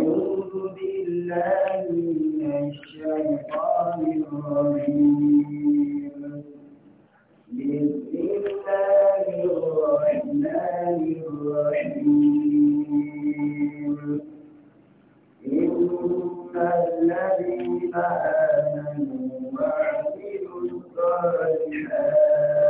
أعوذ بالله من الشيطان الرجيم بسم الله الرحمن الرحيم إن الذين آمنوا وعملوا الصالحات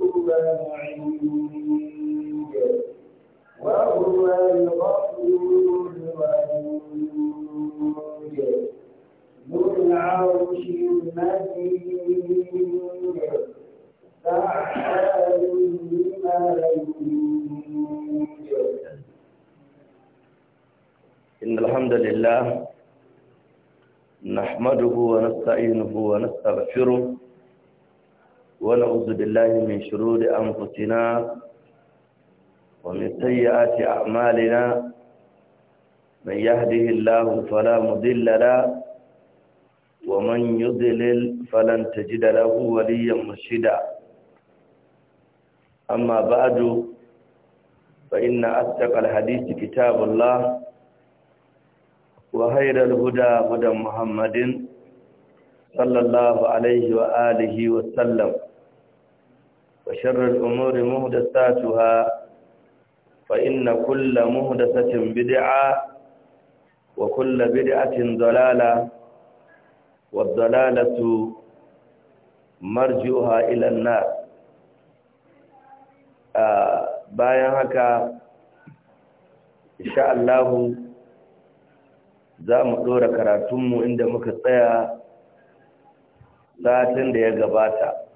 إن الحمد لله نحمده ونستعينه ونستغفره ونعوذ بالله من شرور أنفسنا ومن سيئات أعمالنا من يهده الله فلا مضل له ومن يضلل فلن تجد له وليا مرشدا أما بعد فإن أصدق الحديث كتاب الله وخير الهدى هدى محمد صلى الله عليه وآله وسلم وشر الأمور مهدساتها فإن كل مهدسة بدعة وكل بدعة ضلالة والضلالة مرجوها إلى النار bayan haka insha Allah za mu ɗora karatunmu inda muka tsaya satin da ya gabata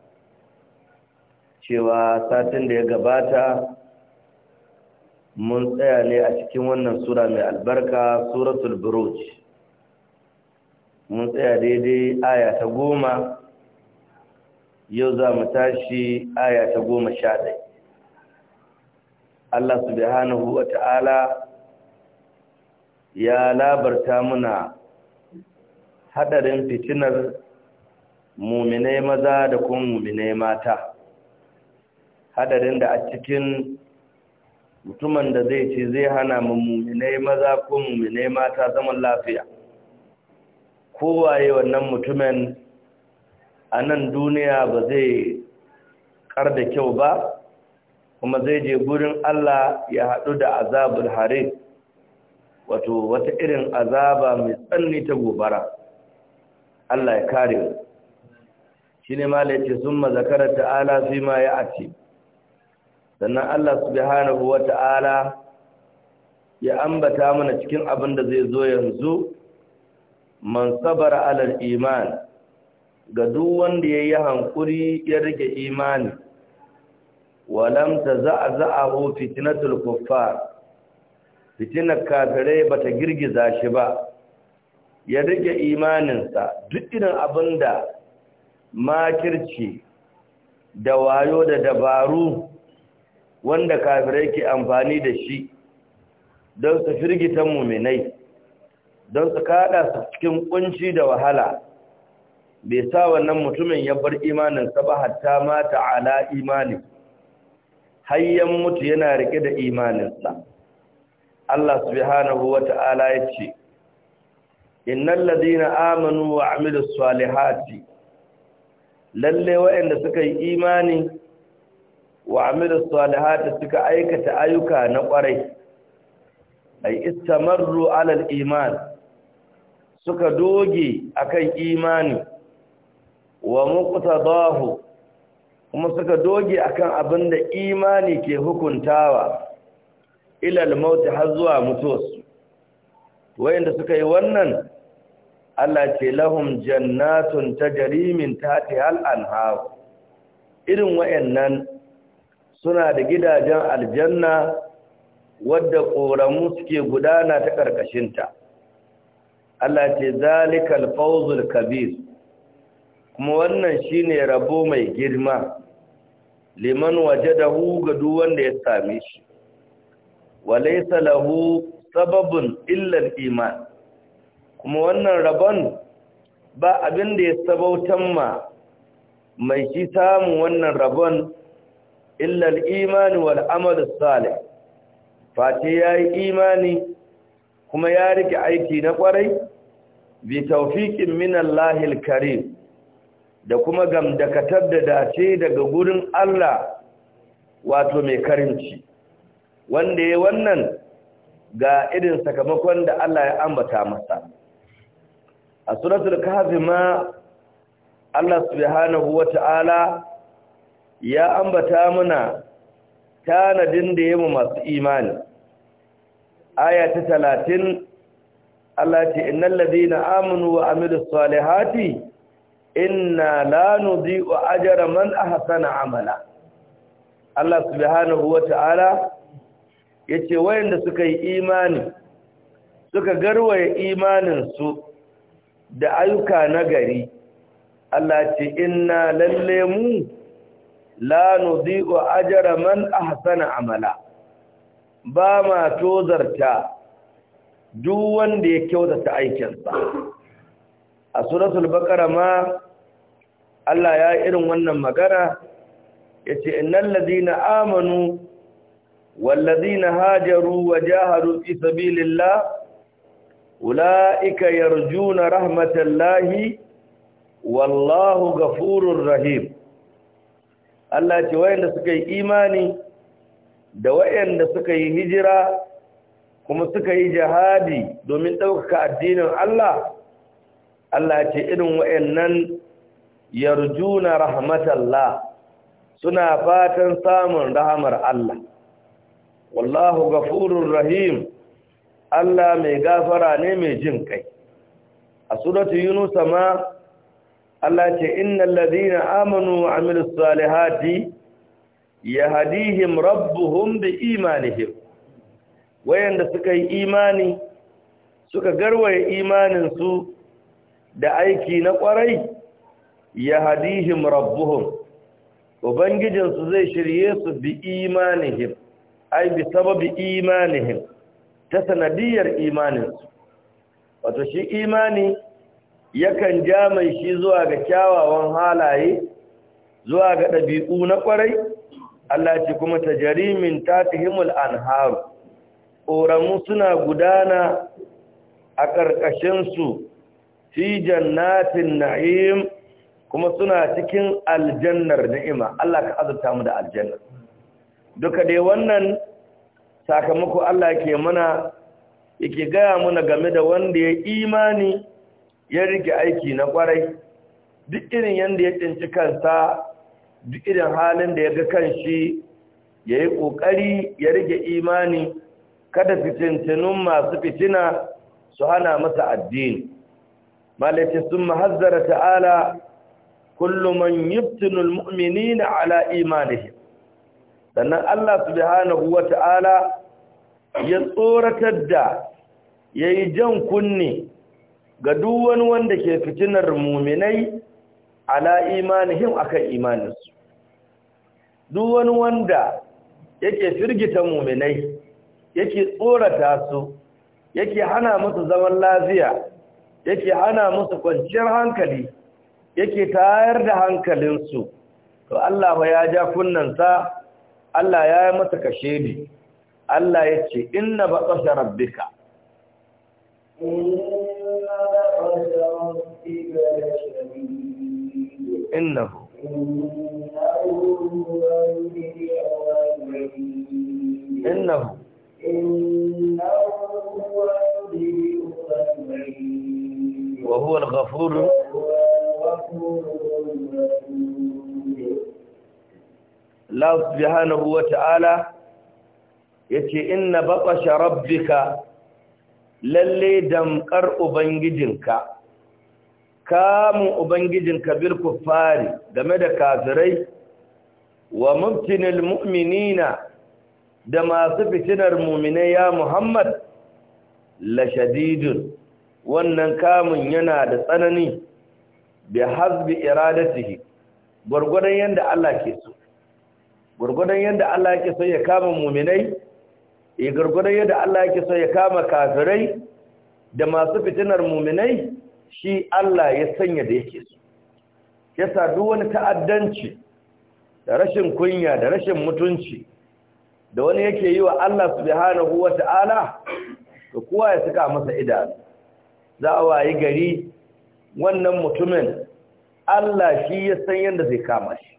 cewa satin da ya gabata mun tsaya ne a cikin wannan sura mai albarka suratul buruj mun tsaya daidai aya ta goma yau za mu tashi aya ta goma sha ɗai Allah subhanahu wa ta'ala ya labarta muna haɗarin fitinar muminai maza da kuma muminai mata hadarin da a cikin mutumin da zai ce zai hana mummunai maza ko mummunai mata zaman lafiya kowaye wannan mutumin a nan duniya ba zai kar da kyau ba kuma zai je gurin Allah ya haɗu da azabul hare wato wata irin azaba mai tsanni ta gobara Allah ya kare shi ne ma sun mazakarar ta'ala fi ma ya ake sannan Allah subhanahu wata'ala ya ambata mana cikin abin da zai zo yanzu man sabara alal iman ga duk wanda yayi yi hankuri ya rike imani walam ta za'aza'ahu fitnatul kuffar fitinar kafirai bata girgiza shi ba ya rike imaninsa duk irin abin da makirci da wayo da dabaru wanda kafirai ke amfani da shi don su firgita muminai don su kada su cikin kunci da wahala bai sa wannan mutumin ya bar imaninsa ba hatta mata ala imani hayyan mutu yana rike da imaninsa Allah subhanahu wata'ala ya ce innal ladina amanu wa amilus salihati lalle waɗanda suka yi imani wa amilu salihati suka aikata ayyuka na kwarai ay istamarru alal iman suka doge akan imani wa muqtadahu kuma suka doge akan abinda imani ke hukuntawa ilal mauti har zuwa mutuwarsu wayanda suka yi wannan Allah ce lahum jannatun tajri min tahtiha al-anhar irin wayannan suna da gidajen aljanna wadda ƙoramu suke gudana ta ƙarƙashinta Allah ce zalikal fawzul kabir kuma wannan shi ne rabo mai girma liman waje hu ga duwan da ya same shi walaysa lahu sabbin illar iman kuma wannan rabon ba abin da ya sabautan ma mai shi samun wannan rabon illa al wal amal salih fati yayi imani kuma ya rike aiki na kwarai bi tawfiqin min Allahil karim da kuma gamdakatar da dace daga gurin Allah wato mai karimci wanda ya wannan ga irin sakamakon da Allah ya ambata masa a suratul kahf ma Allah subhanahu wata'ala ya ambata muna tanadin da yamma masu imani aya ta talatin Allah ce innal ladina amanu wa amilus salihati inna la nudhi'u ajra man ahsana amala Allah subhanahu wa ta'ala yace wayanda suka yi imani suka garwaye imanin su da ayyuka nagari Allah ce inna lallemu la nudhi'u ajra man ahsana amala ba ma tozarta duk wanda ya kyautata aikinsa a suratul baqara ma Allah ya irin wannan magana yace innal ladina amanu wal ladina hajaru wajahadu fi sabilillah ulaika yarjuna rahmatallahi wallahu ghafurur rahim Allah ce wayanda suka yi imani da wayanda suka yi hijira kuma suka yi jihadi domin ɗaukaka addinin Allah Allah ce irin wayannan yarjuna rahmatallah suna fatan samun rahmar Allah wallahu ghafurur rahim Allah mai gafara ne mai jin kai a suratu yunus ma Allah ce innal ladina amanu wa amilus salihati yahdihim rabbuhum bi imanihim wayanda suka yi imani suka garwaye imanin su da aiki na kwarai yahdihim rabbuhum ubangijin su zai shirye su bi imanihim ai bi sababi imanihim ta sanadiyar imanin su wato shi imani yakan ja mai shi zuwa ga kyawawan halaye zuwa ga ɗabi'u na ƙwarai Allah ce kuma ta jarimin ta tihimul anharu ƙoramu suna gudana a ƙarƙashinsu fi jannatin na'im kuma suna cikin aljannar ni'ima Allah ka azurta mu da aljannar duka dai wannan sakamako Allah ke mana yake gaya mana game da wanda ya imani ya rike aiki na kwarai duk irin yadda ya tsinci kansa duk irin halin da ya ga kanshi ya yi ƙoƙari ya rike imani kada fitintinun masu fitina su hana masa addini malaki sun mahazzara ta'ala kullu man mu'mini na ala imanihi sannan Allah subhanahu wa ta'ala ya tsoratar da ya yi jan kunne ga duk wani wanda ke fitinar muminai ala imanihim akan imaninsu duk wani wanda yake firgita muminai yake tsorata su yake hana musu zaman lafiya yake hana musu kwanciyar hankali yake tayar da hankalinsu to Allah ya ja kunnansa Allah ya yi masa ne Allah ya ce inna baqasha rabbika إنه إنه وهو الغفور Allah subhanahu wa ta'ala ya ce, Inna baƙasha rabbika lalle damƙar Ubangijin ka. kamun ubangijin kabir kuffari game da kafirai wa mubtinil mu'minina da masu fitinar muminai ya muhammad la shadidun wannan kamun yana da tsanani bi hasbi iradatihi gurgurdan yanda Allah ke so gurgurdan yanda Allah ke so ya kama muminai ya eh, gurgurdan yanda Allah ke so ya kama kafirai da masu fitinar muminai shi Allah ya sanya da yake su yasa duk wani ta'addanci da rashin kunya da rashin mutunci da wani yake yi wa Allah subhanahu ta'ala? to kowa ya saka masa idanu za a wayi gari wannan mutumin Allah shi ya san yadda zai kama shi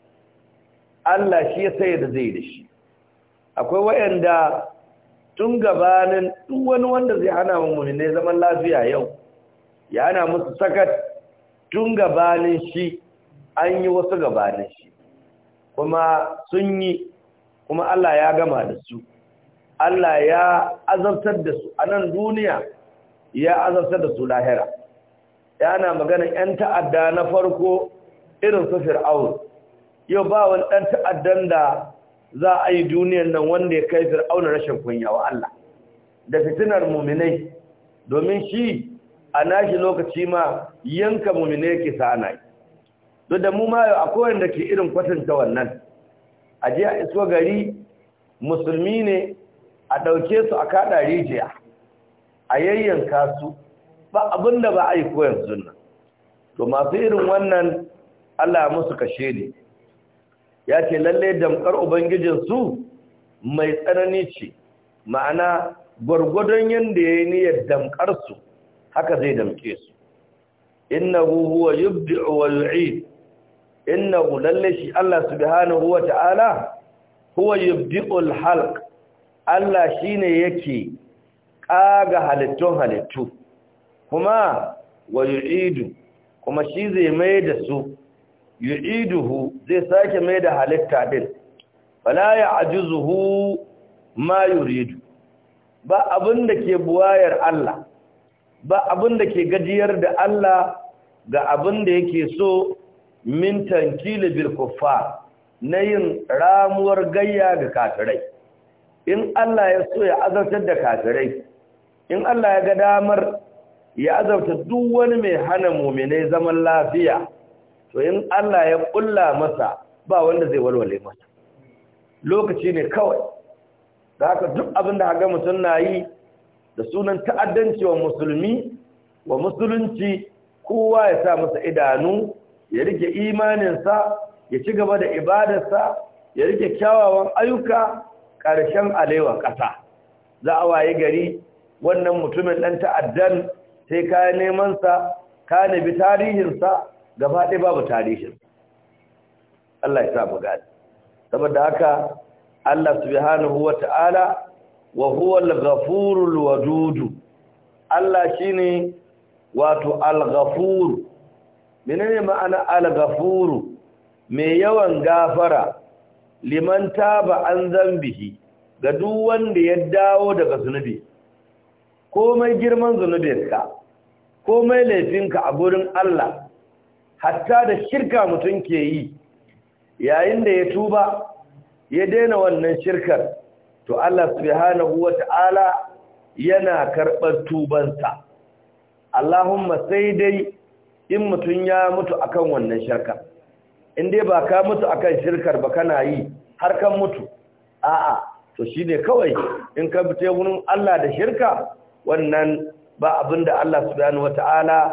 Allah shi ya san yadda zai da shi akwai wayanda tun gabanin duk wani wanda zai hana mummuni ne zaman lafiya yau ya ana musu sakat tun gabanin shi an yi wasu gabanin shi kuma sun yi kuma Allah ya gama da su Allah ya azabtar da su a nan duniya ya azabtar da su lahira ya ana maganin 'yan ta'adda na farko irin su fir'aun yau ba wani ɗan ta'addan da za a yi duniyan nan wanda ya kai fir'aun rashin kunya wa Allah da fitinar muminai domin shi a nashi lokaci ma yanka mumine ke sana yi duk da mu ma yau akwai wanda ke irin kwatanta wannan a je a iso gari musulmi ne a ɗauke su a kaɗa rijiya a yayyanka su ba abin da ba a yi koyan nan. to masu irin wannan Allah musu kashe ne ya ce lalle damkar ubangijinsu mai tsanani ce ma'ana gwargwadon yadda ya yi niyyar damkar su haka zai damke su innahu huwa yubdi'u wa yu'id innahu lalle shi Allah subhanahu wa ta'ala huwa yubdi'u halq Allah shine yake kaga halittun halittu kuma wa yu'idu kuma shi zai mai da su yu'iduhu zai sake mai da halitta din fala ya'juzuhu ma yuridu ba abinda ke buwayar Allah ba abin da ke gajiyar da Allah ga abin da yake so min tankili bil kuffar na yin ramuwar gayya ga kafirai in Allah ya so ya azabtar da kafirai in Allah ya ga damar ya azabta duk wani mai hana muminai zaman lafiya to in Allah ya ƙulla masa ba wanda zai walwale masa lokaci ne kawai da haka duk abin da haga mutum na yi da sunan ta'addanci wa musulmi wa musulunci kowa ya sa masa idanu ya rike imaninsa ya ci gaba da ibadarsa ya rike kyawawan ayyuka ƙarshen alewa ƙasa za a waye gari wannan mutumin ɗan ta'addan sai ka nemansa ka nabi tarihinsa gaba ɗaya babu tarihin Allah ya sa mu gani saboda haka Allah subhanahu wa ta'ala wa huwa al-ghafurul wadud Allah shine wato al-ghafur menene ma'ana al-ghafur mai yawan gafara liman taba an zambihi ga duk wanda ya dawo daga zunubi komai girman zunubinka komai laifinka a gurin Allah hatta da shirka mutum ke yi yayin da ya tuba ya daina wannan shirkar to Allah subhanahu ta'ala yana karɓar tubansa Allahumma sai dai in mutum ya mutu akan wannan shirka in dai ba ka mutu akan shirkar ba kana yi har kan mutu a'a to shine kawai in ka fita wurin Allah da shirka wannan ba abinda Allah subhanahu wata'ala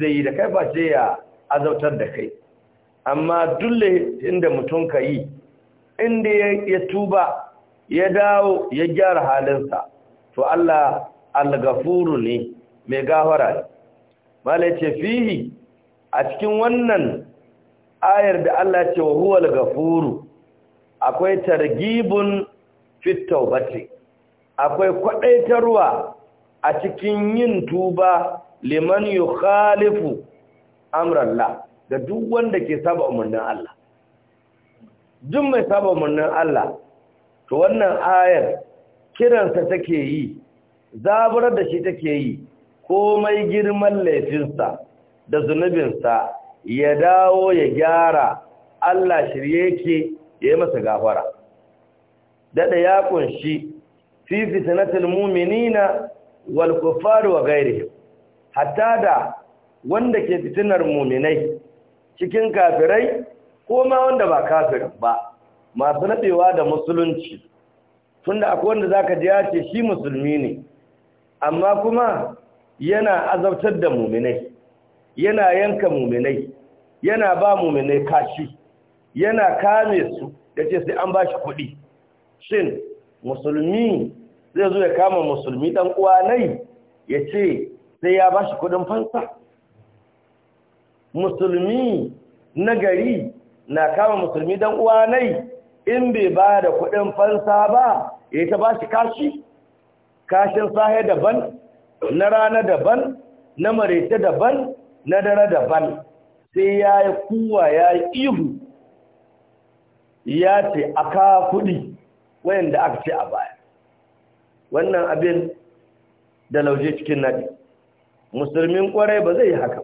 zai yi da kai ba sai ya azautar da kai amma duk inda mutum ka yi inda ya tuba ya dawo ya gyara halinsa to Allah AlGafuru ne mai gafara ne ce fihi a cikin wannan ayar da Allah ce wa huwa al akwai targibun fit tawbati akwai kwadaitarwa a cikin yin tuba liman yukhalifu amrallah da duk wanda ke saba umarnin Allah duk mai saba umarnin Allah to wannan ayar kiransa take yi zabar da shi take yi komai girman laifinsa da zunubinsa ya dawo ya gyara Allah shirye yake ya yi masa gafara dada ya kunshi fi fitnatul mu'minina wal kuffari wa gairihi hatta da wanda ke fitinar mu'minai cikin kafirai ko ma wanda ba kafirin ba masu nadewa da musulunci tunda akwai wanda zaka ji ya ce shi musulmi ne amma kuma yana azabtar da muminai yana yanka muminai yana ba muminai kashi yana kame su yace sai an bashi kuɗi shin musulmi zai zo ya kama musulmi dan uwa nai yace sai ya bashi kuɗin fansa musulmi nagari na kama musulmi dan uwa nai in bai ba da kuɗin fansa ba ya ta ba shi kashi kashin sahe daban na rana daban na marita daban na dara daban sai ya yi kuwa ya yi ihu ya ce a ka kuɗi wayanda aka ce a baya wannan abin da lauje cikin nadi musulmin kwarai ba zai yi haka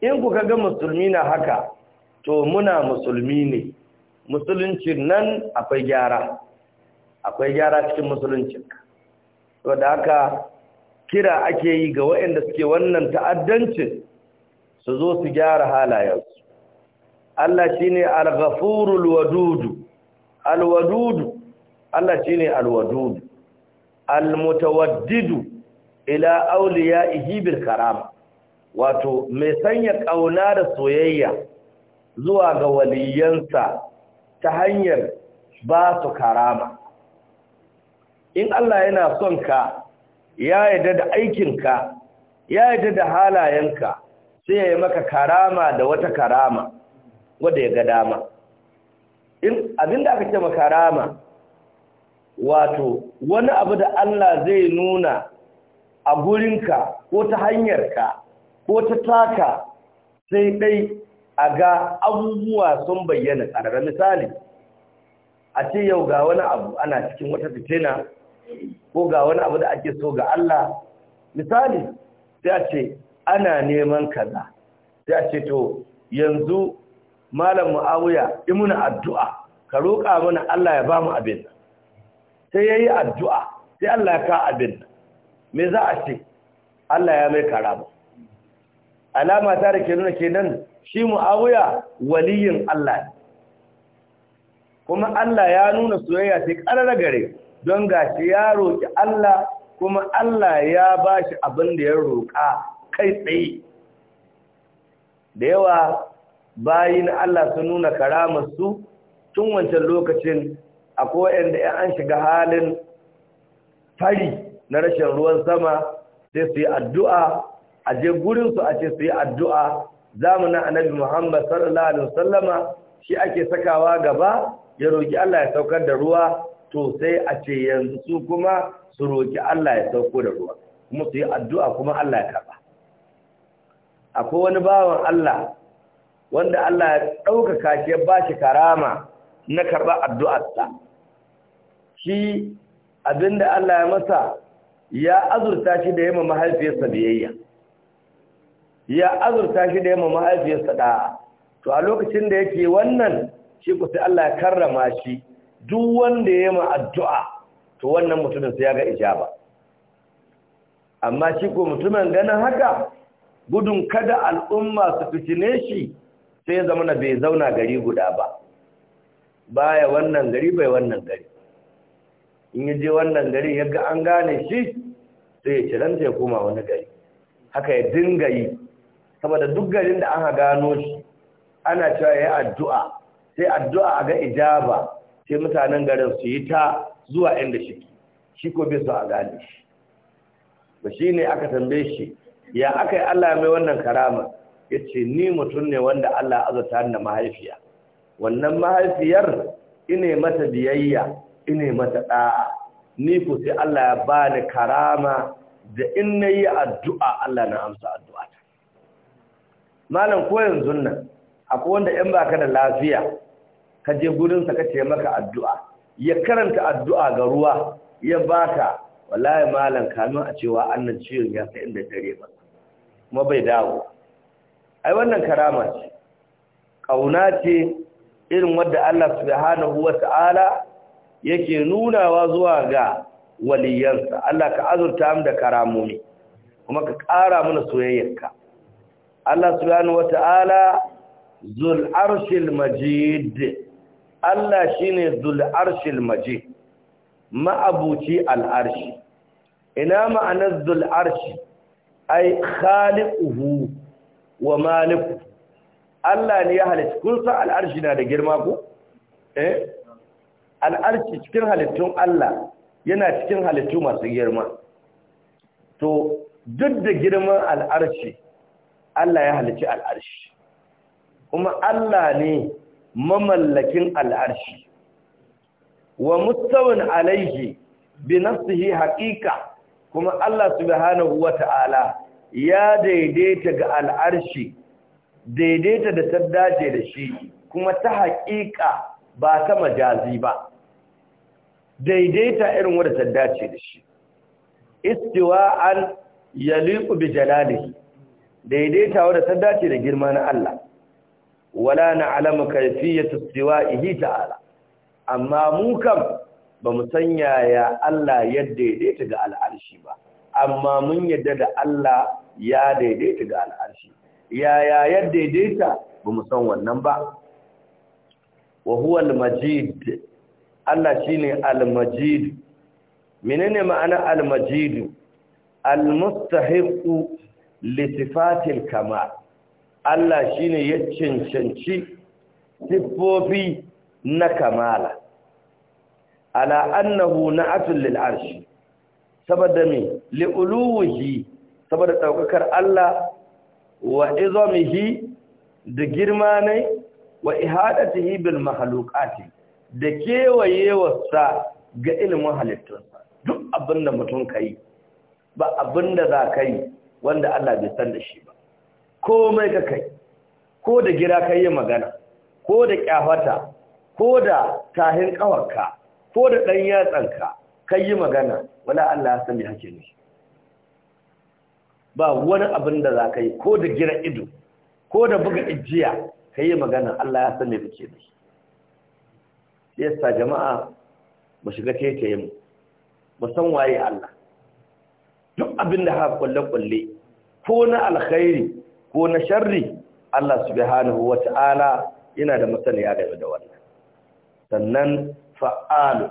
in kuka ga musulmi na haka to muna musulmi ne musuluncin nan akwai gyara akwai gyara cikin musuluncin to da haka kira ake yi ga waɗanda suke wannan ta'addancin su zo su gyara halayensu Allah shine al-ghafurul wadudu al-wadudu Allah shine al-wadudu al-mutawaddidu ila awliya'ihi bil karama wato mai sanya kauna da soyayya zuwa ga waliyansa ta hanyar ba su karama in Allah yana son ka ya yarda da aikinka ya yarda da halayenka sai ya yi maka karama da wata karama wadda ya ga dama in abinda aka ce makarama wato wani abu da Allah zai nuna a gurinka ko ta hanyarka ko ta taka sai dai a ga abubuwa sun bayyana tsarara misali a ce yau ga wani abu ana cikin wata fitina ko ga wani abu da ake so ga Allah misali sai a ce ana neman kaza sai a ce to yanzu malam mu'awiya yi muna addu'a ka roƙa mana Allah ya ba mu abin sai ya yi addu'a sai Allah ya ka abin me za a ce Allah ya mai karama alama ta da ke nuna ke nan, shi mu'awuya waliyin Allah kuma Allah ya nuna soyayya sai karara gare don gashi ya roƙi Allah kuma Allah ya ba shi abin da ya roƙa kai tsaye da yawa na Allah sun nuna karamar su tun wancan lokacin a da 'yan an shiga halin fari na rashin ruwan sama sai su yi addu'a a je gurin su a ce su yi addu'a zamanin annabi Muhammad sallallahu alaihi wasallama shi ake sakawa gaba ya roki Allah ya saukar da ruwa to sai a ce yanzu su kuma su roki Allah ya sauko da ruwa kuma su yi addu'a kuma Allah ya karba akwai wani bawan Allah wanda Allah ya ɗaukaka shi ba shi karama na karɓa addu'arsa shi abinda Allah ya masa ya azurta shi da yamma mahaifiyarsa biyayya ya azurta shi da yamma mahaifiyarsa da to a lokacin da yake wannan shi ku sai Allah ya karrama shi duk wanda ya yi addu'a to wannan mutumin sai ya ga ijaba amma shi ko mutumin ganin haka gudun kada al'umma su fitine shi sai ya zama na bai zauna gari guda ba baya wannan gari bai wannan gari in ya je wannan gari ya ga an gane shi sai ya ciranta ya koma wani gari haka ya dinga yi saboda duk garin da aka gano shi ana cewa yayi addu'a sai addu'a a ga ijaba sai mutanen garin su yi ta zuwa inda shi shi ko bai a gane shi ba shi ne aka tambaye shi ya aka yi Allah mai wannan karama Yace ni mutum ne wanda Allah azata na mahaifiya wannan mahaifiyar ine mata biyayya ine mata ɗa'a, ni ku sai Allah ya bani karama da in nayi addu'a Allah na amsa addu'a malam ko yanzu nan akwai wanda in baka da lafiya ka je gurinsa ka ce maka addu'a ya karanta addu'a ga ruwa ya baka wallahi malam kamin a cewa annan ciwon ya sai inda dare ba kuma bai dawo ai wannan karama ce kauna ce irin wanda Allah subhanahu wata'ala yake nunawa zuwa ga waliyansa Allah ka azurta mu da karamomi kuma ka ƙara mana soyayyarka Allah subhanahu wata'ala zul arshil majid Allah shine zul arshil majid ma'abuci al arshi ina ma'anar zul arshi ai khaliquhu wa maliku Allah ne ya halitta kun san al arshi na da girma ko eh al arshi cikin halittun Allah yana cikin halittu masu girma to duk da girman al arshi Allah ya halici al'arshi kuma Allah ne mamallakin al'arshi wa mustawin alaihi bi nafsihi haƙiƙa, kuma Allah subhanahu wata'ala ya daidaita ga al'arshi daidaita da ta dace da shi kuma ta haƙiƙa ba ta majazi ba daidaita irin wadda ta dace da shi istiwa an yaliku bi jalalihi daidaitawa da ta dace da girma na Allah wala na'lamu kayfiyatu istiwa'ihi ta'ala amma mu kam bamu san yaya Allah ya daidaita ga al'arshi ba amma mun yadda da Allah ya daidaita ga al'arshi yaya ya daidaita bamu san wannan ba wa huwa al-majid Allah shine al-majid menene ma'ana al-majid al-mustahiqu lisifatil kama Allah shine ya cancanci siffofi na kamala ala annahu na'atul lil arshi saboda me li'uluhi saboda daukakar Allah wa izamihi da girma ne wa ihadatihi bil makhluqati da kewayewarsa ga ilimin halittunsa duk abinda mutum kai ba abinda za ka yi wanda Allah bai san da shi ba komai ka kai ko da gira ka yi magana ko da kyafata ko da tahin kawarka ko da dan yatsanka ka yi magana wala Allah ya san me hake ne ba wani abin da za ka yi ko da gira ido ko da buga ijiya ka yi magana Allah ya san me kake ne yasa jama'a mu shiga tete mu mu san waye Allah duk abin da haka kwalle-kwalle ko na alkhairi ko na sharri Allah subhanahu wa ta'ala yana da masaniya game da wannan sannan fa'alu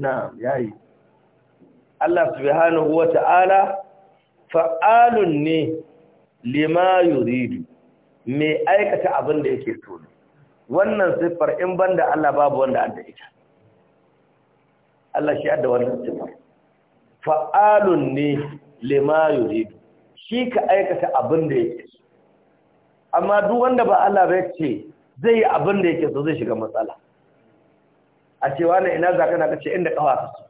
na'am yayi Allah subhanahu wa ta'ala fa'alun ne lima yuridu mai aikata abin da yake tuni wannan siffar in banda Allah babu wanda da ita Allah shi adda wannan siffar fa'alun ne lima yuridu shi ka aikata abin da yake so amma duk wanda ba Allah ba ce zai yi abin da yake so zai shiga matsala a cewa na ina za na kace inda kawa ka so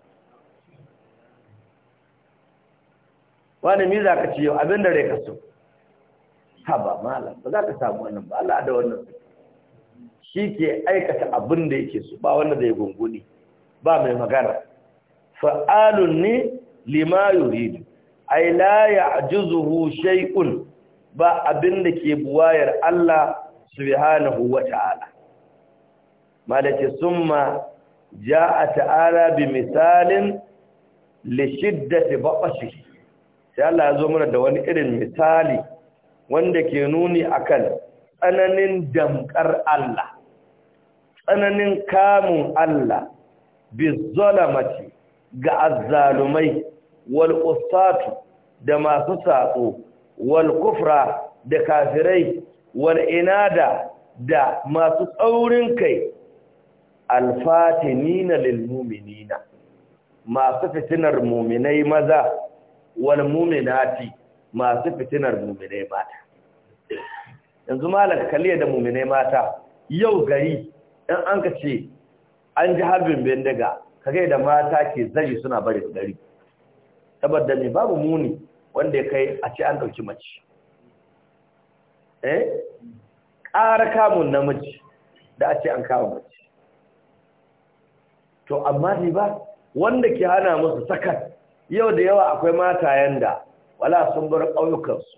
wani mi za ka ce yau abin da rai ka so ha ba malam ba za ka samu wannan ba Allah da wannan siffar shi ke aikata abin da yake su. ba wanda zai gunguni ba mai magana fa'alun ne lima yuridu ai la ya'juzuhu shay'un ba abin da ke buwayar Allah subhanahu ta'ala. malaki summa ja'a ta'ala bi misalin li shiddati batashihi sai Allah ya zo mana da wani irin misali wanda ke nuni akan tsananin damkar Allah tsananin kamun Allah bizzalamati ga azzalumai wal da masu saƙo wal kufra da kafirai wal inada da masu tsaurin kai alfatinina lil mu'minina masu fitinar mu'minai maza wal masu fitinar mu'minai mata yanzu malaka kalliya da mu'minai mata yau gari in an ka ce an ji harbin bindiga kai da mata ke zari suna bari su dari saboda me babu muni wanda ya kai a ce an ɗauki mace eh ƙara kamun namiji da a ce an kawo mace to amma ne ba wanda ke hana musu sakat yau da yawa akwai mata yanda wala sun bar ƙauyukansu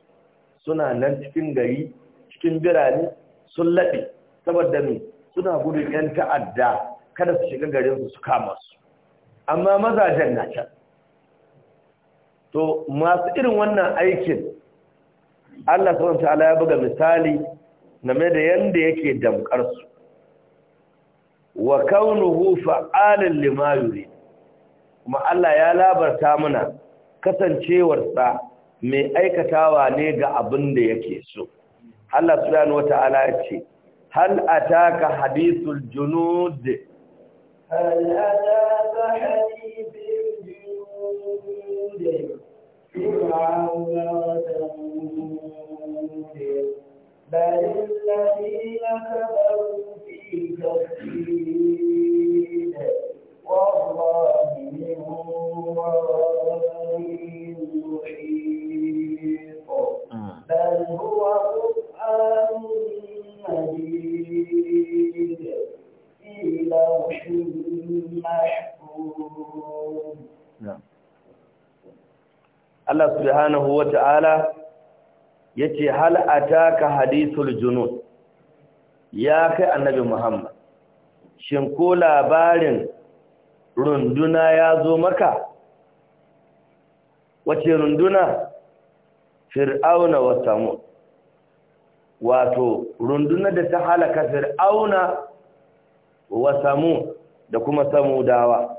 suna nan cikin gari cikin birane sun laɗe saboda me suna gudun 'yan ta'adda kada su shiga garin su kama su amma mazajen na can to masu irin wannan aikin Allah subhanahu ta'ala ya buga misali game da yanda yake damkar su wa kaunuhu fa'alan lima kuma Allah ya labarta mana kasancewarsa mai aikatawa ne ga abin da yake so Allah subhanahu wata'ala ya ce هل أتاك حديث الجنود هل أتاك حديث الجنود فرعون وثمود بل الذين كفروا في تفكير Allah subhanahu wata'ala yace hal ataka hadithul junud ya kai annabi Muhammad shin ko labarin runduna ya zo maka wace runduna fir'auna wa samu? wato runduna da ta halaka fir'auna wa samu da kuma samu dawa?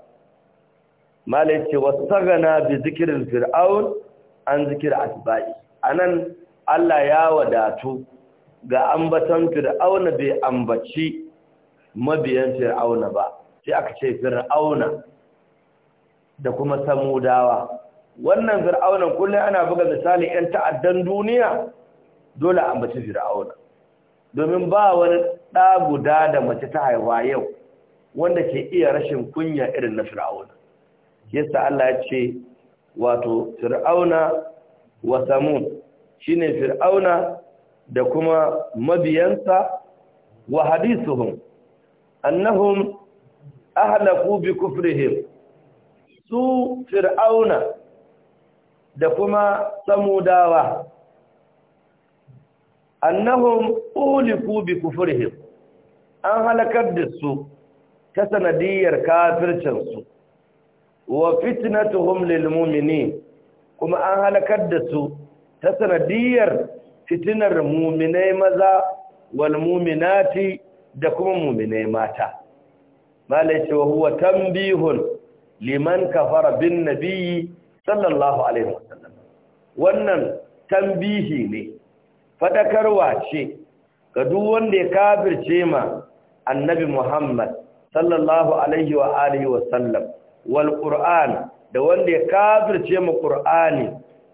malai ce wasagana bi zikirin fir'aun an zikira asba'i anan Allah ya wadatu ga ambatan fir'auna bai ambaci mabiyan fir'auna ba sai aka ce fir'auna da kuma samudawa wannan fir'aunan kullum ana buga misali 'yan ta'addan duniya dole ambaci fir'auna domin ba wani ɗa guda da mace ta haihuwa yau wanda ke iya rashin kunya irin na fir'auna yasa Allah ya ce wato fir'auna wa samun ne fir'auna da kuma mabiyansa wa hadisuhun annahum ahalaku bi kufrihim su fir'auna da kuma samudawa annahum uliku bi kufrihim an halakar da su ta sanadiyar kafircinsu wa fitnatuhum lil kuma an halakar da su ta sanadiyar fitinar mu'minai maza wal mu'minati da kuma mu'minai mata malai ce huwa tambihun liman kafara bin nabiyyi sallallahu alaihi wasallam wannan tambihi ne fadakarwa ce ga duk wanda ya kafirce ma annabi Muhammad sallallahu alaihi wa alihi wal qur'an da wanda ya kafirce mu qur'ani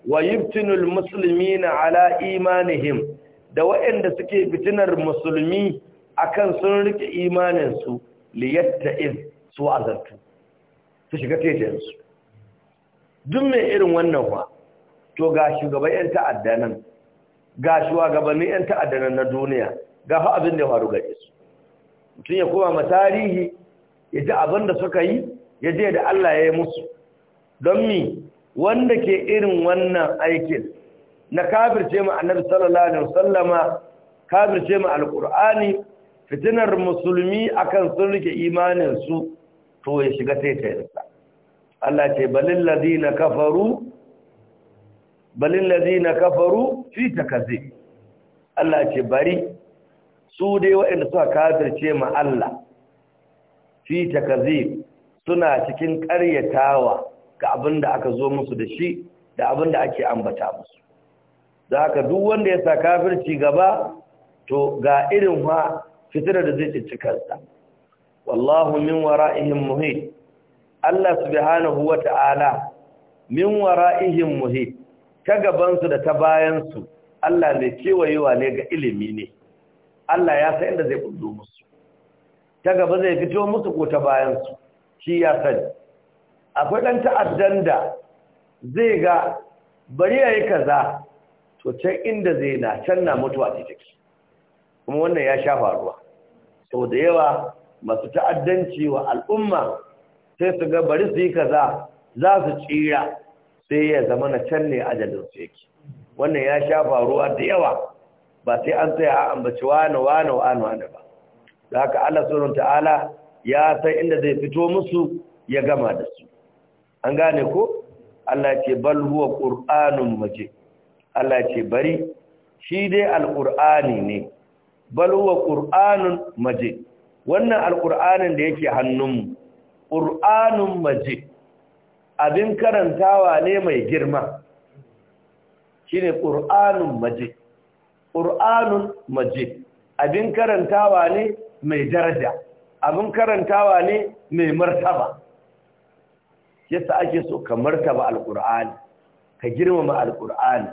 wa yibtinul muslimina ala imanihim da waɗanda suke fitinar musulmi akan sun rike imaninsu liyatta'iz su azantu su shiga tejensu duk mai irin wannan wa to ga shugaban 'yan ta'adda ga shugabannin 'yan na duniya ga abin da ya faru ga su mutum ya koma ma tarihi ya abinda abin da suka yi yaje da Allah ya yi musu don mi wanda ke irin wannan aikin na kafirce mu annabi sallallahu alaihi wasallama kafirce mu alqur'ani fitinar musulmi akan sun rike imanin su to ya shiga taitayinsa Allah ce balil ladina kafaru balil ladina kafaru fi takazi Allah ce bari su dai waɗanda suka kafirce ma Allah fi takazi suna cikin ƙaryatawa ga abin da aka zo musu da shi da abin da ake ambata musu za ka duk wanda ya sa kafirci gaba to ga irin ha fitirar da zai cici kansa wallahu min wara'ihim muhit Allah subhanahu wata'ala min wara'ihim muhit ta gabansu da ta bayansu Allah mai kewayewa ne ga ilimi ne Allah ya san inda zai kullu musu ta gaba zai fito musu ko ta bayansu shi ya sani akwai ɗan ta'addan da zai ga bari ya yi kaza to can inda zai na can na mutuwa ce take kuma wannan ya sha faruwa to da yawa masu ta'addanci wa al'umma sai su ga bari su yi kaza za su tsira sai ya zama na can ne su yake wannan ya sha faruwa da yawa ba sai an tsaya a ambaci wane wane wane ba da haka Allah subhanahu ta'ala ya san inda zai fito musu ya gama da su an gane ko Allah ce bal huwa qur'anun majid Allah ce bari shi dai alqur'ani ne bal huwa qur'anun majid wannan alqur'anin da yake hannunmu qur'anun majid abin karantawa ne mai girma shine qur'anun majid qur'anun majid abin karantawa ne mai daraja abin karantawa ne mai martaba yasa ake so ka martaba alkur'ani ka girmama alkur'ani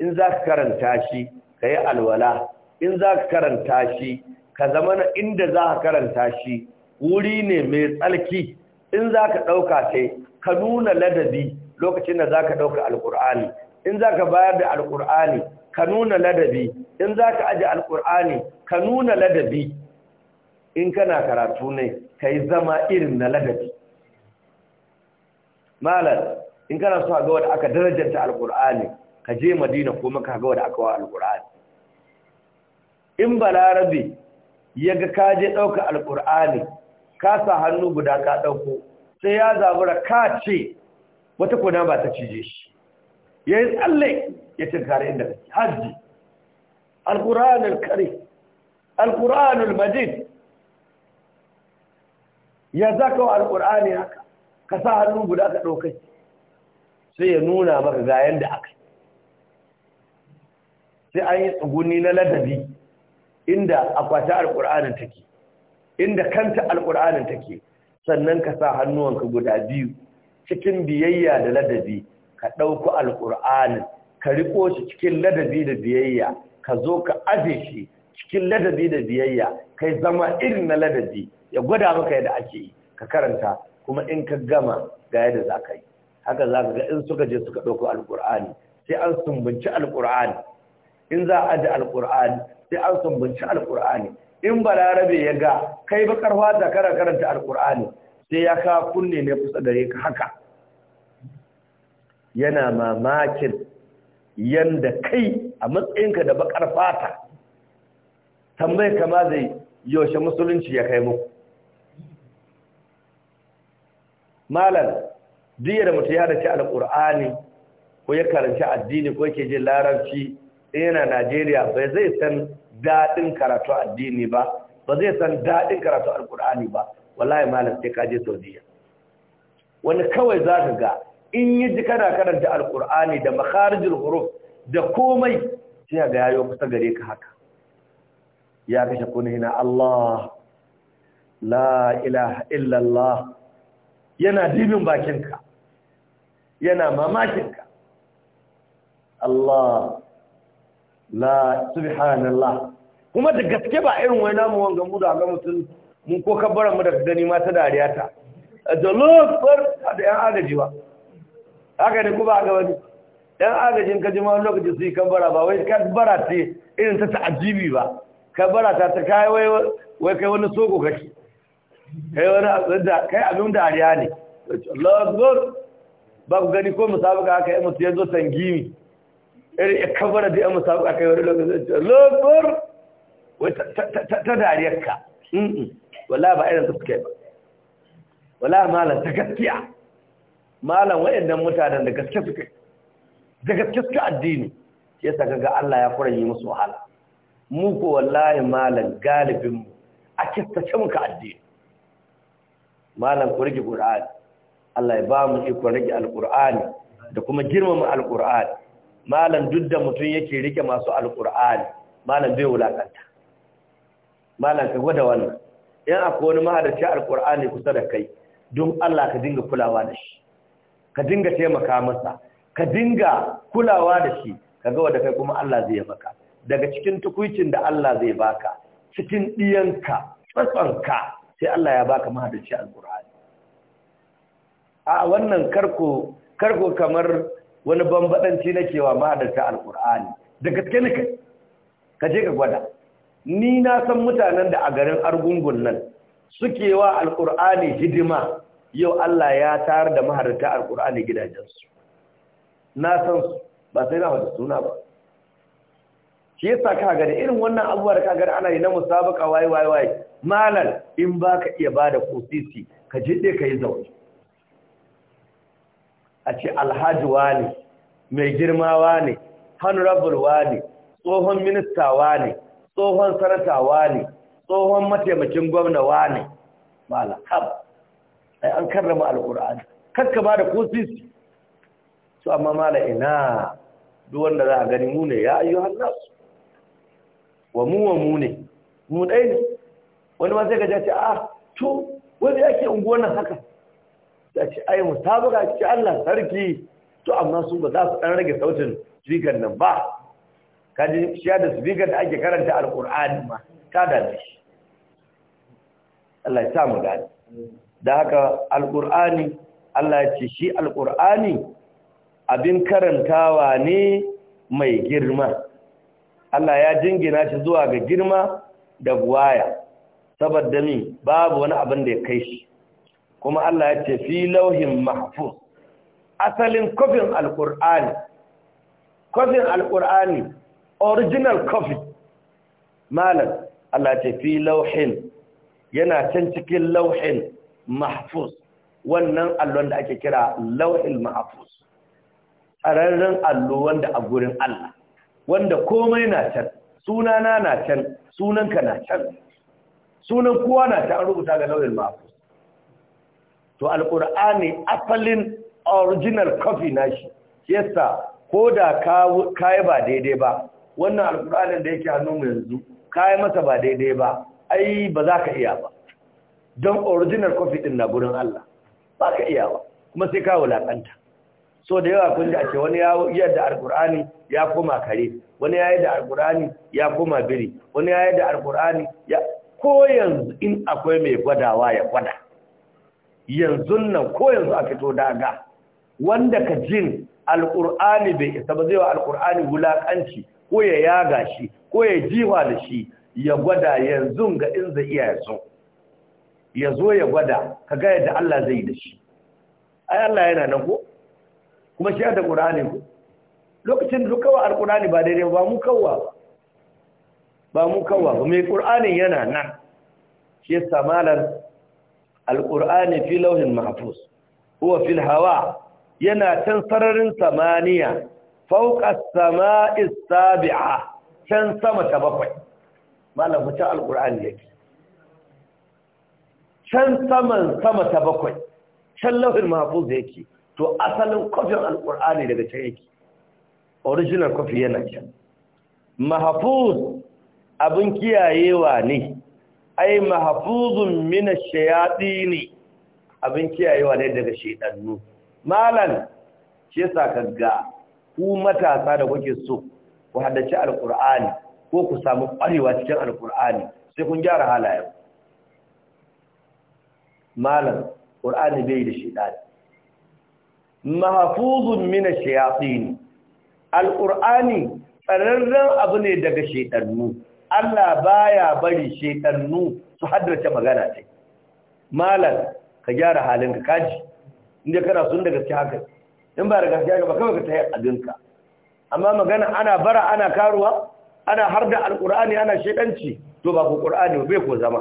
in za ka karanta shi ka yi alwala in za ka karanta shi ka zama na inda za ka karanta shi wuri ne mai tsalki in za ka ɗauka sai ka nuna ladabi lokacin da za ka ɗauka alkur'ani in za ka bayar da alkur'ani ka nuna ladabi in za ka aji alkur'ani ka nuna ladabi in kana karatu ne ka yi zama irin na ladabi malar in kana so ga wadda aka darajanta alkur'ani ka je madina ko maka ga wadda aka wa alkur'ani in Balarabi, ya ga ka je ɗauka alkur'ani ka sa hannu guda ka ɗauko sai ya zabura ka ce wata kuna ba ta cije shi ya yi tsalle ya cinkari inda kake hajji alkur'anul kare alkur'anul majid ya za ka wa alƙur'ani haka ka sa hannu guda ka ɗaukai sai ya nuna maka ga yadda aka sai an yi tsuguni na ladabi inda akwata alƙur'anin take inda kanta alƙur'anin take sannan ka sa ka guda biyu cikin biyayya da ladabi ka ɗauku alƙur'anin ka riƙo shi cikin ladabi da biyayya ka zo ka aje shi cikin ladabi da biyayya kai zama irin na ladabi ya gwada maka yadda ake yi ka karanta kuma in ka gama ga yadda za ka yi haka za ka ga in suka je suka ɗauko alƙur'ani sai an sumbunci alƙur'ani in za a ji alƙur'ani sai an sumbunci alƙur'ani in balarabe ya ga kai bakar fata kara karanta alƙur'ani sai ya ka kunne ne kusa gare ka haka yana mamakin yanda kai a matsayinka da bakar fata tambayar kama zai yaushe musulunci ya kai muku malam diyar da mutum ya dace alƙur'ani ko ya karanci addini ko yake jin larabci yana Najeriya bai zai san daɗin karatu addini ba ba zai san daɗin karatu alkur'ani ba wallahi malam sai kaje Saudiya wani kawai za ka ga in yi ji kana karanta alkur'ani da makharijul huruf da komai sai ga yayo kusa gare ka haka ya kashe kunina Allah la ilaha illallah yana dibin bakinka yana mamakinka Allah la subhanallah kuma da gaske ba irin wai namu wanga mu da ga mutum mun ko kabbara mu da gani ma ta dariya ta da da yan agaji ba haka ne kuma ga wani yan agajin kaji ma lokaci su yi kabbara ba wai kabbara ce irin ta ta'ajibi ba kabbara ta ta kai wai kai wani soko kake kai wani kai abin dariya ne Allah akbar ba ku gani ko musabaka kai mu mutu yanzu sangimi irin ya kabara da yan musabaka kai wani lokaci Allah akbar wai ta dariyar ka wallahi ba irin ta ba wallahi malam ta gaskiya malam wayannan mutanen da gaske suka da gaskiya suka addini yasa kaga Allah ya fara yi musu wahala mu ko wallahi malam galibin mu a kistace muka addini malam ku rike ƙurani Allah ya ba mu iko rike alqur'ani da kuma girmama alqur'ani malam duk da mutum yake rike masu alqur'ani malam bai wulakanta malam ka gwada wannan in akwai wani mahadarci alqur'ani kusa da kai don Allah ka dinga kulawa da shi ka dinga taimaka masa ka dinga kulawa da shi kaga wanda kai kuma Allah zai maka daga cikin tukuicin da Allah zai baka cikin ɗiyanka tsatsanka sai Allah ya baka mahadaci alkur'ani a wannan karko karko kamar wani bambadanci na wa mahadaci alkur'ani da gaske ne ka je ka gwada ni na san mutanen da a garin argungun nan suke wa alkur'ani hidima yau Allah ya tayar da maharata alkur'ani gidajensu na san ba sai na wata suna ba shi yasa ka ga da irin wannan abubuwa da ka ga ana yi na musabaka wai wai wai malal in ba ka iya bada kusisi ka jidde ka yi zaune a ce alhaji ne mai girmawa ne honorable ne tsohon minista ne tsohon sanata ne tsohon mataimakin gwamna ne mala kab ai an karrama alqur'ani kakka bada kusisi. to amma mala ina duk wanda za a gani mu ne ya ayyuhan nasu wa mu wa mu ne mu ɗaya ne wani ma sai ka ce a ah, to wanda ake unguwar nan haka ta ce ai musabaka ce Allah sarki to amma su ba za su dan rage sautin speaker nan ba Ka ji shi da speaker da ake karanta alqur'ani ma ta da shi Allah ya sa mu gani da haka alqur'ani Allah ya ce shi alqur'ani abin karantawa ne mai girma Allah ya jingina shi zuwa ga girma da buwaya saboda min babu wani abin da ya kai shi kuma Allah ya ce fi lauhin mahfuz asalin kofin alkur'ani kofin alkur'ani original kofi malam Allah ya ce fi lauhin yana can cikin lauhin mahfuz wannan allon da ake kira lauhin mahfuz tsararren allo wanda a gurin Allah wanda komai na can sunana na can sunanka na can sunan kowa na can an rubuta ga lauyin mahfuz to alqur'ani asalin original copy nashi yasa ko da kayi ba daidai ba wannan alqur'anin da yake hannunmu yanzu kayi masa ba daidai ba ai ba za ka iya ba don original copy din na gurin Allah ba ka iya ba kuma sai ka wulakanta so da yawa kun ji a wani ya yi da alkur'ani ya koma kare wani ya yi da alkur'ani ya koma biri wani ya yi da alkur'ani ya ko yanzu in akwai mai gwadawa ya gwada yanzu nan ko yanzu a fito daga wanda ka jin alkur'ani bai isa ba zai wa alkur'ani wulakanci ko ya yaga shi ko ya jiwa da shi ya gwada yanzu ga in zai iya yanzu ya zo ya gwada ka ga yadda Allah zai yi da shi ai Allah yana nan ko kuma shi da ƙur'ani lokacin duk kawa alƙur'ani ba daidai ba mu kawa ba mu kawa ba mai ƙur'anin yana nan shi samalar malar alƙur'ani fi lauhin mahfuz hawa yana can sararin samaniya fauka sama'i sabi'a can sama ta bakwai malam mutum alƙur'ani yake can saman sama ta bakwai can lauhin mahafus yake to asalin kofin alkur'ani daga can yake original kofi yana can mahafuz abin kiyayewa ne ai mahafuzun mina shayaɗi ne abin kiyayewa ne daga shaidannu malan ce ga ku matasa da kuke so ku haddace alkur'ani ko ku samu ƙwarewa cikin alkur'ani sai kun gyara halayen malam ƙur'ani bai da shaidani mahafuzun mina ash-shayatin al tsararren abu ne daga shedannu Allah baya bari shedannu su haddace magana ce malam ka gyara halin ka, kaji inda kana sun daga gaske haka in ba daga gaske ba kawai ka tayi abinka amma magana ana bara ana karuwa ana har da alkur'ani ana shedanci to ba ku qur'ani ba ko zama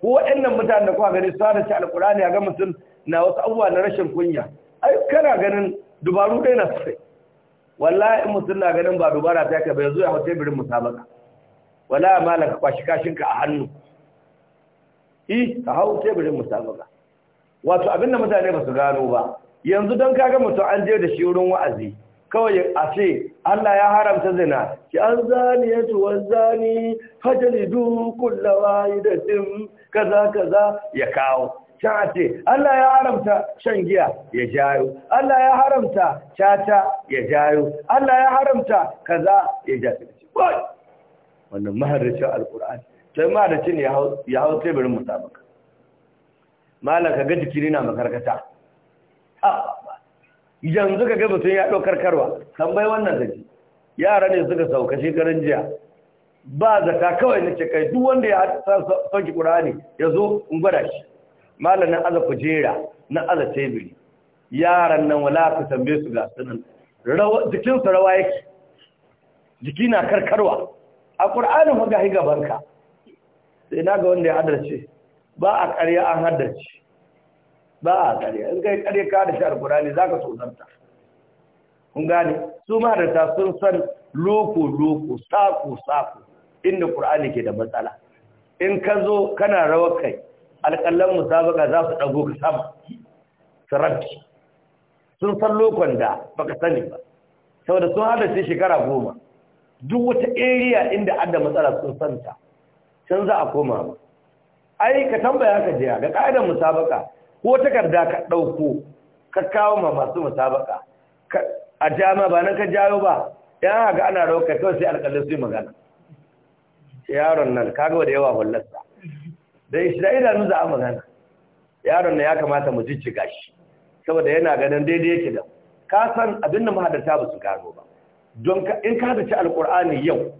ko waɗannan mutanen da kuka gani su da ci a ga mutum na wasu abubuwa na rashin kunya ai kana ganin dubaru ɗaya na sosai wallahi in mutum na ganin ba dubara ta ka bai zo ya hau teburin musabaka wallahi malam ka kwashi ka a hannu yi ka hau teburin musabaka wato abinda mutane ba su gano ba yanzu don kaga mutum an je da shi wurin wa'azi kawai a ce Allah ya haramta zina ki an zani ya tuwa zani hajjali duk kullawa idatin kaza kaza ya kawo can a ce Allah ya haramta shan giya ya jayo Allah ya haramta caca ya jayo Allah ya haramta kaza ya jayo wannan maharracin alkur'ani sai cin ya hau teburin musabaka mallan ka ga jikini na makarkata yanzu ka ga mutun ya ɗaukar karwa kan bai wannan gaji yara ne suka sauka shekarun jiya ba zata kawai na kai duk wanda ya sauki qur'ani ya zo in gwada shi malamin aza kujera na aza tebiri yaran nan wala ku tambaye su ga sunan jikinsu rawa yake jiki na karkarwa a ƙur'anin ga higa banka sai na ga wanda ya adarce ba a ƙarya an haddace ba a ƙarya in kai ƙarya ka da shi alƙur'ani za ka tsotsanta kun gane su mahadarta sun san loko-loko sako-sako inda qur'ani ke da matsala in ka zo kana rawar kai alƙallan musabaka za su ɗago ka sama su rabbi sun san lokon da baka sani ba saboda sun hada shekara goma duk wata area inda adda matsala sun santa can za a koma ba ai ka tambaya ka jiya ga ƙa'idar musabaka ko takarda ka ɗauko ka kawo ma masu musabaka a jama ba nan ka jayo ba yan haka ana rauka kawai sai alƙalin su yi magana yaron nan kaga da yawa hullarsa da isra'ila da za a magana yaron na ya kamata mu jijjiga shi saboda yana ganin daidai yake da ka san abin da mahadarta ba su gano ba don in ka haddace alkur'ani yau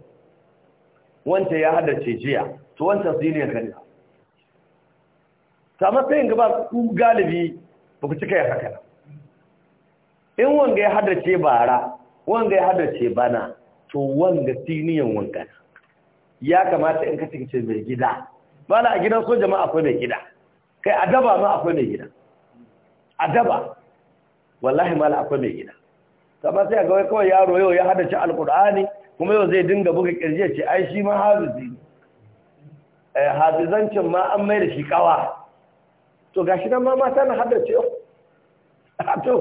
wanda ya haddace jiya to wanda su ne gani sama sai in gaba ku galibi ba ku cika ya haka in wanga ya haddace bara wanga ya haddace bana to wanga siniyan wanga ya kamata in ka cikin mai gida na a gidan soja ma akwai mai gida kai a daba ma akwai mai gida a daba wallahi ma akwai mai gida kama sai a gawai kawai yaro yau ya hada ci alkur'ani kuma yau zai dinga buga kirje ce ai shi ma hafizi eh hafizancin ma an mai da shi kawa to gashi nan ma mata na ce to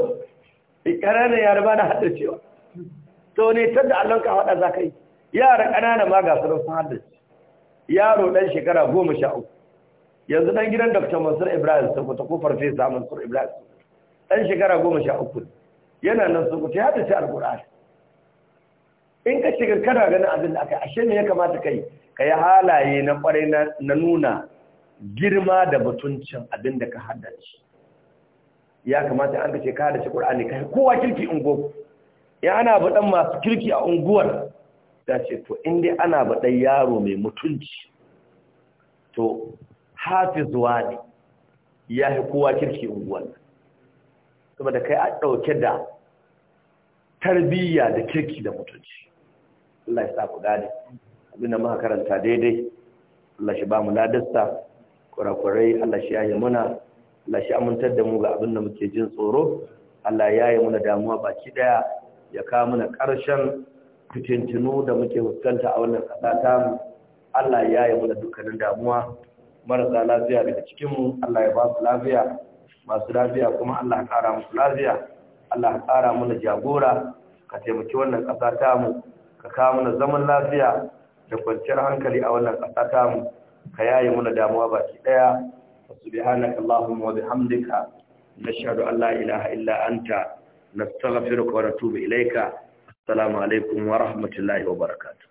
ne yara ba na hada ce to ne tadda allon ka hada za ka yi yara ƙanana ma ga su sun ce yaro dan shekara goma sha uku yanzu dan gidan dr mansur ibrahim kuta ko samun mansur ibrahim dan shekara goma sha uku yana nan kuta ya dace alkur'ani in ka shiga kana ganin abin da aka ashe ne ya kamata kai ka yi halaye na kwarai na nuna girma da mutuncin abin da ka haddace ya kamata an ka ce ka haddace kur'ani ka kowa kirki ungo ya ana dan masu kirki a unguwar ta ce to inda ana baɗai yaro mai mutunci to zuwa ne ya fi kowa kirki unguwan saboda kai a ɗauke da tarbiyya da kirki da mutunci Allah ya sa ku gane abinda muka karanta daidai Allah shi ba mu ladasta kurakurai Allah shi yayi muna Allah shi amintar da mu ga abin da muke jin tsoro Allah ya yi muna damuwa baki daya ya kawo muna ƙarshen fitintinu da muke fuskanta a wannan ƙasa ta Allah ya yi mana dukkanin damuwa marasa lafiya daga cikinmu Allah ya ba su lafiya masu lafiya kuma Allah ya ƙara musu lafiya Allah ya ƙara mana jagora ka taimaki wannan ƙasa ta mu ka kawo mana zaman lafiya da kwanciyar hankali a wannan ƙasa ta mu ka yaye mana damuwa baki ɗaya subhanaka allahumma wa bihamdika nashhadu an la ilaha illa anta nastaghfiruka wa natubu ilayka Assalamu alaikum wa rahmatullahi wa barakatu.